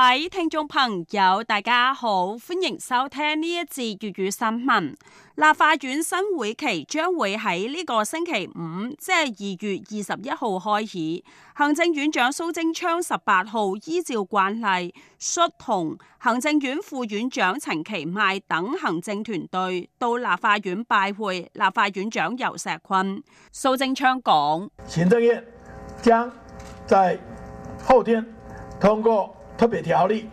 各位聽眾朋友，大家好，歡迎收聽呢一節粵語新聞。立法院新會期將會喺呢個星期五，即係二月二十一號開始。行政院長蘇貞昌十八號依照慣例，率同行政院副院長陳其邁等行政團隊到立法院拜會立法院長游錫堃。蘇貞昌講：行政院將在後天通過。特別條例，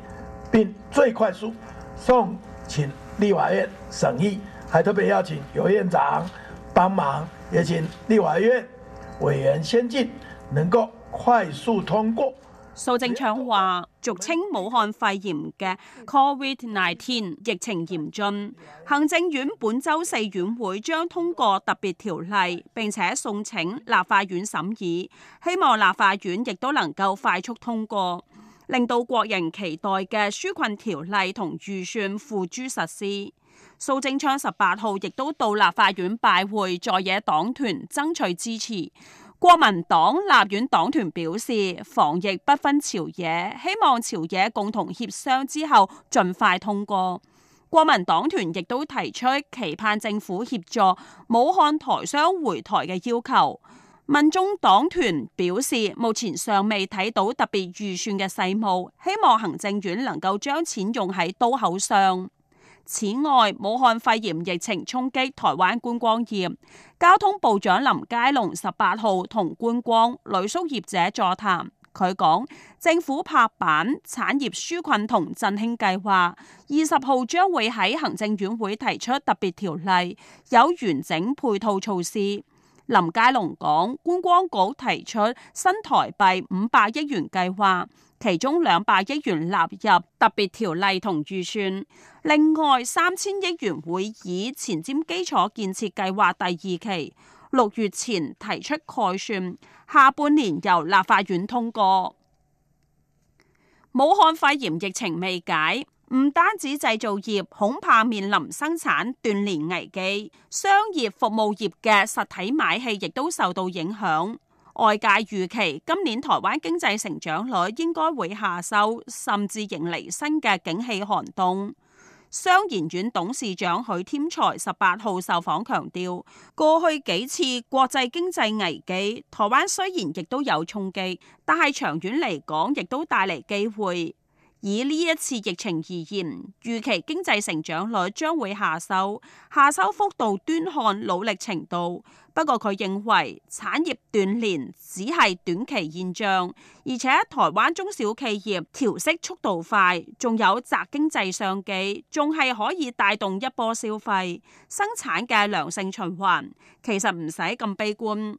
並最快速送請立法院審議，還特別邀請游院長幫忙，也請立法院委員先進能夠快速通過。蘇貞昌話：俗稱武漢肺炎嘅 COVID-19 疫情嚴峻，行政院本周四院會將通過特別條例，並且送請立法院審議，希望立法院亦都能夠快速通過。令到國人期待嘅紓困條例同預算付諸實施，蘇貞昌十八號亦都到立法院拜會在野黨團，爭取支持。國民黨立院黨團表示防疫不分朝野，希望朝野共同協商之後盡快通過。國民黨團亦都提出期盼政府協助武漢台商回台嘅要求。民眾黨團表示，目前尚未睇到特別預算嘅細務，希望行政院能夠將錢用喺刀口上。此外，武漢肺炎疫情衝擊台灣觀光業，交通部長林佳龍十八號同觀光旅宿業者座談，佢講政府拍板產業紓困同振興計劃，二十號將會喺行政院會提出特別條例，有完整配套措施。林佳龍講，觀光局提出新台幣五百億元計劃，其中兩百億元納入特別條例同預算，另外三千億元會以前瞻基礎建設計劃第二期六月前提出概算，下半年由立法院通過。武漢肺炎疫情未解。唔單止製造業恐怕面臨生產斷鏈危機，商業服務業嘅實體買氣亦都受到影響。外界預期今年台灣經濟成長率應該會下修，甚至迎嚟新嘅景氣寒冬。商研院董事長許添財十八號受訪強調，過去幾次國際經濟危機，台灣雖然亦都有衝擊，但係長遠嚟講亦都帶嚟機會。以呢一次疫情而言，預期經濟成長率將會下收，下收幅度端看努力程度。不過佢認為產業斷鏈只係短期現象，而且台灣中小企業調適速度快，仲有宅經濟商機，仲係可以帶動一波消費生產嘅良性循環。其實唔使咁悲觀。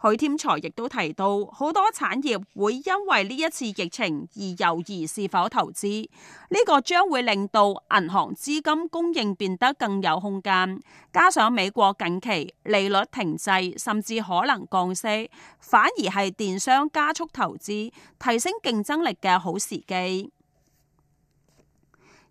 許添財亦都提到，好多產業會因為呢一次疫情而猶豫是否投資，呢個將會令到銀行資金供應變得更有空間。加上美國近期利率停滯甚至可能降息，反而係電商加速投資、提升競爭力嘅好時機。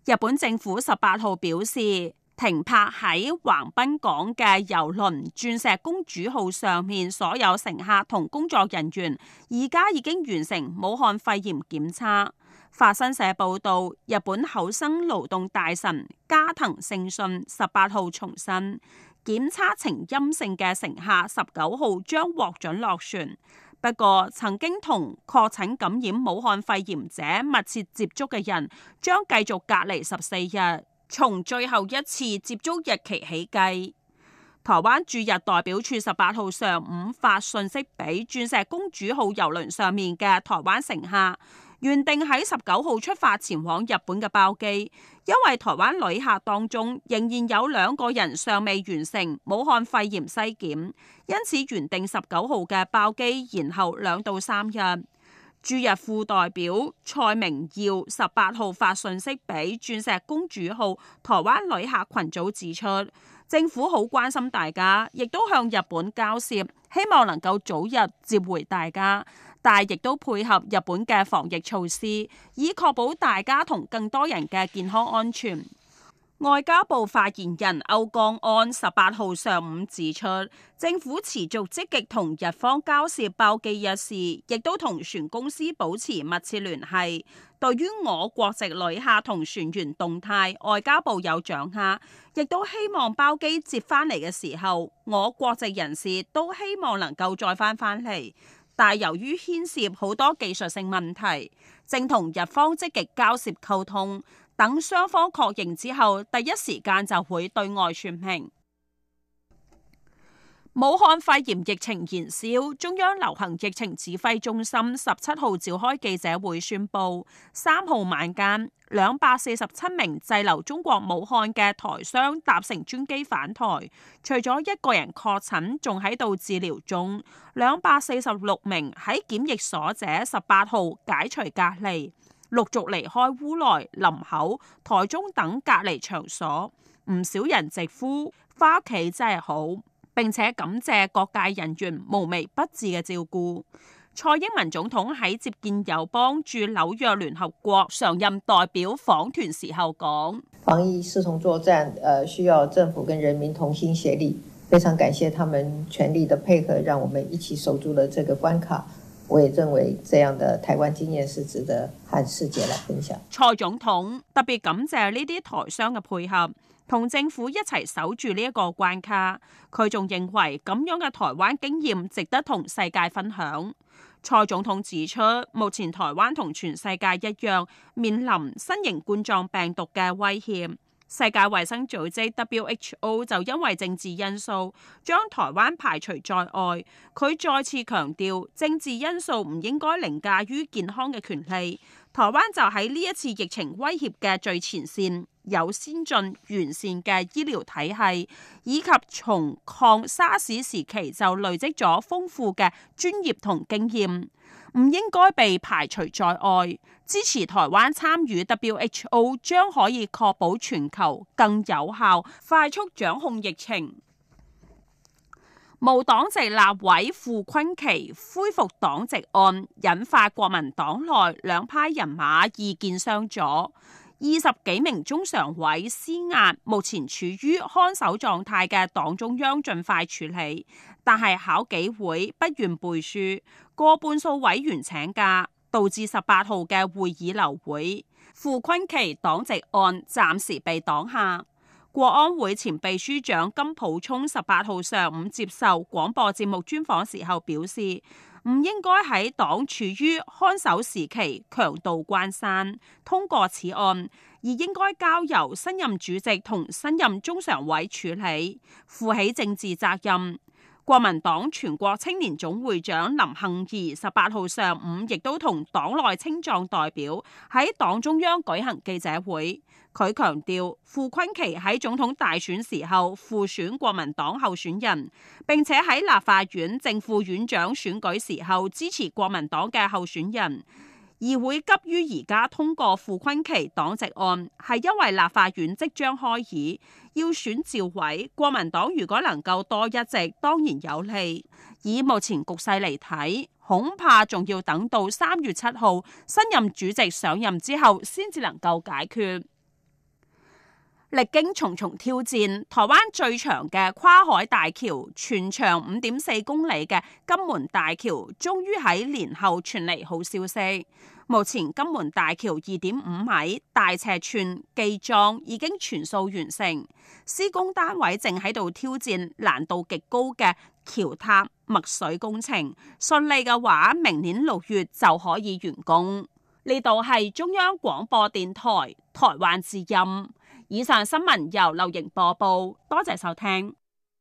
日本政府十八號表示。停泊喺橫濱港嘅遊輪《鑽石公主號》上面所有乘客同工作人員，而家已經完成武漢肺炎檢測。法新社報道，日本厚生勞動大臣加藤勝信十八號重申，檢測呈陰性嘅乘客十九號將獲准落船。不過，曾經同確診感染武漢肺炎者密切接觸嘅人，將繼續隔離十四日。從最後一次接觸日期起計，台灣駐日代表處十八號上午發信息俾《鑽石公主號》郵輪上面嘅台灣乘客，原定喺十九號出發前往日本嘅包機，因為台灣旅客當中仍然有兩個人尚未完成武漢肺炎篩檢，因此原定十九號嘅包機延後兩到三日。駐日副代表蔡明耀十八號發信息俾鑽石公主號台灣旅客群組指出，政府好關心大家，亦都向日本交涉，希望能夠早日接回大家，但亦都配合日本嘅防疫措施，以確保大家同更多人嘅健康安全。外交部發言人歐江安十八號上午指出，政府持續積極同日方交涉包機一事，亦都同船公司保持密切聯繫。對於我國籍旅客同船員動態，外交部有掌握，亦都希望包機接翻嚟嘅時候，我國籍人士都希望能夠再翻翻嚟。但由於牽涉好多技術性問題，正同日方積極，極交涉溝通。等雙方確認之後，第一時間就會對外傳評。武漢肺炎疫情延燒，中央流行疫情指揮中心十七號召開記者會宣布，三號晚間兩百四十七名滯留中國武漢嘅台商搭乘專機返台，除咗一個人確診，仲喺度治療中，兩百四十六名喺檢疫所者十八號解除隔離。陸續離開烏來、林口、台中等隔離場所，唔少人直呼返屋企真係好，並且感謝各界人員無微不至嘅照顧。蔡英文總統喺接見友邦駐紐約聯合國常任代表訪團時候講：防疫視同作戰，誒需要政府跟人民同心協力，非常感謝他們全力的配合，讓我們一起守住了這個關卡。我也認為這樣的台灣經驗是值得和世界來分享。蔡總統特別感謝呢啲台商嘅配合，同政府一齊守住呢一個關卡。佢仲認為咁樣嘅台灣經驗值得同世界分享。蔡總統指出，目前台灣同全世界一樣，面臨新型冠狀病毒嘅威脅。世界衛生組織 WHO 就因為政治因素將台灣排除在外。佢再次強調，政治因素唔應該凌駕於健康嘅權利。台灣就喺呢一次疫情威脅嘅最前線，有先進完善嘅醫療體系，以及從抗沙士時期就累積咗豐富嘅專業同經驗。唔應該被排除在外，支持台灣參與 WHO 將可以確保全球更有效、快速掌控疫情。無黨籍立委傅崐萁恢復黨籍案，引發國民黨內兩派人馬意見相左。二十幾名中常委施壓，目前處於看守狀態嘅黨中央盡快處理，但係考紀會不願背書，過半數委員請假，導致十八號嘅會議流會。傅崐萁黨籍案暫時被擋下。國安會前秘書長金溥聰十八號上午接受廣播節目專訪時候表示。唔應該喺黨處於看守時期強渡關山，通過此案，而應該交由新任主席同新任中常委處理，負起政治責任。國民黨全國青年總會長林杏儀十八號上午亦都同黨內青壯代表喺黨中央舉行記者會，佢強調傅崐萁喺總統大選時候輔選國民黨候選人，並且喺立法院正副院長選舉時候支持國民黨嘅候選人。議會急於而家通過傅崐萁黨籍案，係因為立法院即將開議，要選召委。國民黨如果能夠多一席，當然有利。以目前局勢嚟睇，恐怕仲要等到三月七號新任主席上任之後，先至能夠解決。歷經重重挑戰，台灣最長嘅跨海大橋，全長五點四公里嘅金門大橋，終於喺年後傳嚟好消息。目前金門大橋二點五米大斜寸基樁已經全數完成，施工單位正喺度挑戰難度極高嘅橋塔墨水工程。順利嘅話，明年六月就可以完工。呢度係中央廣播電台台灣之音。以上新聞由劉瑩播報，多謝收聽。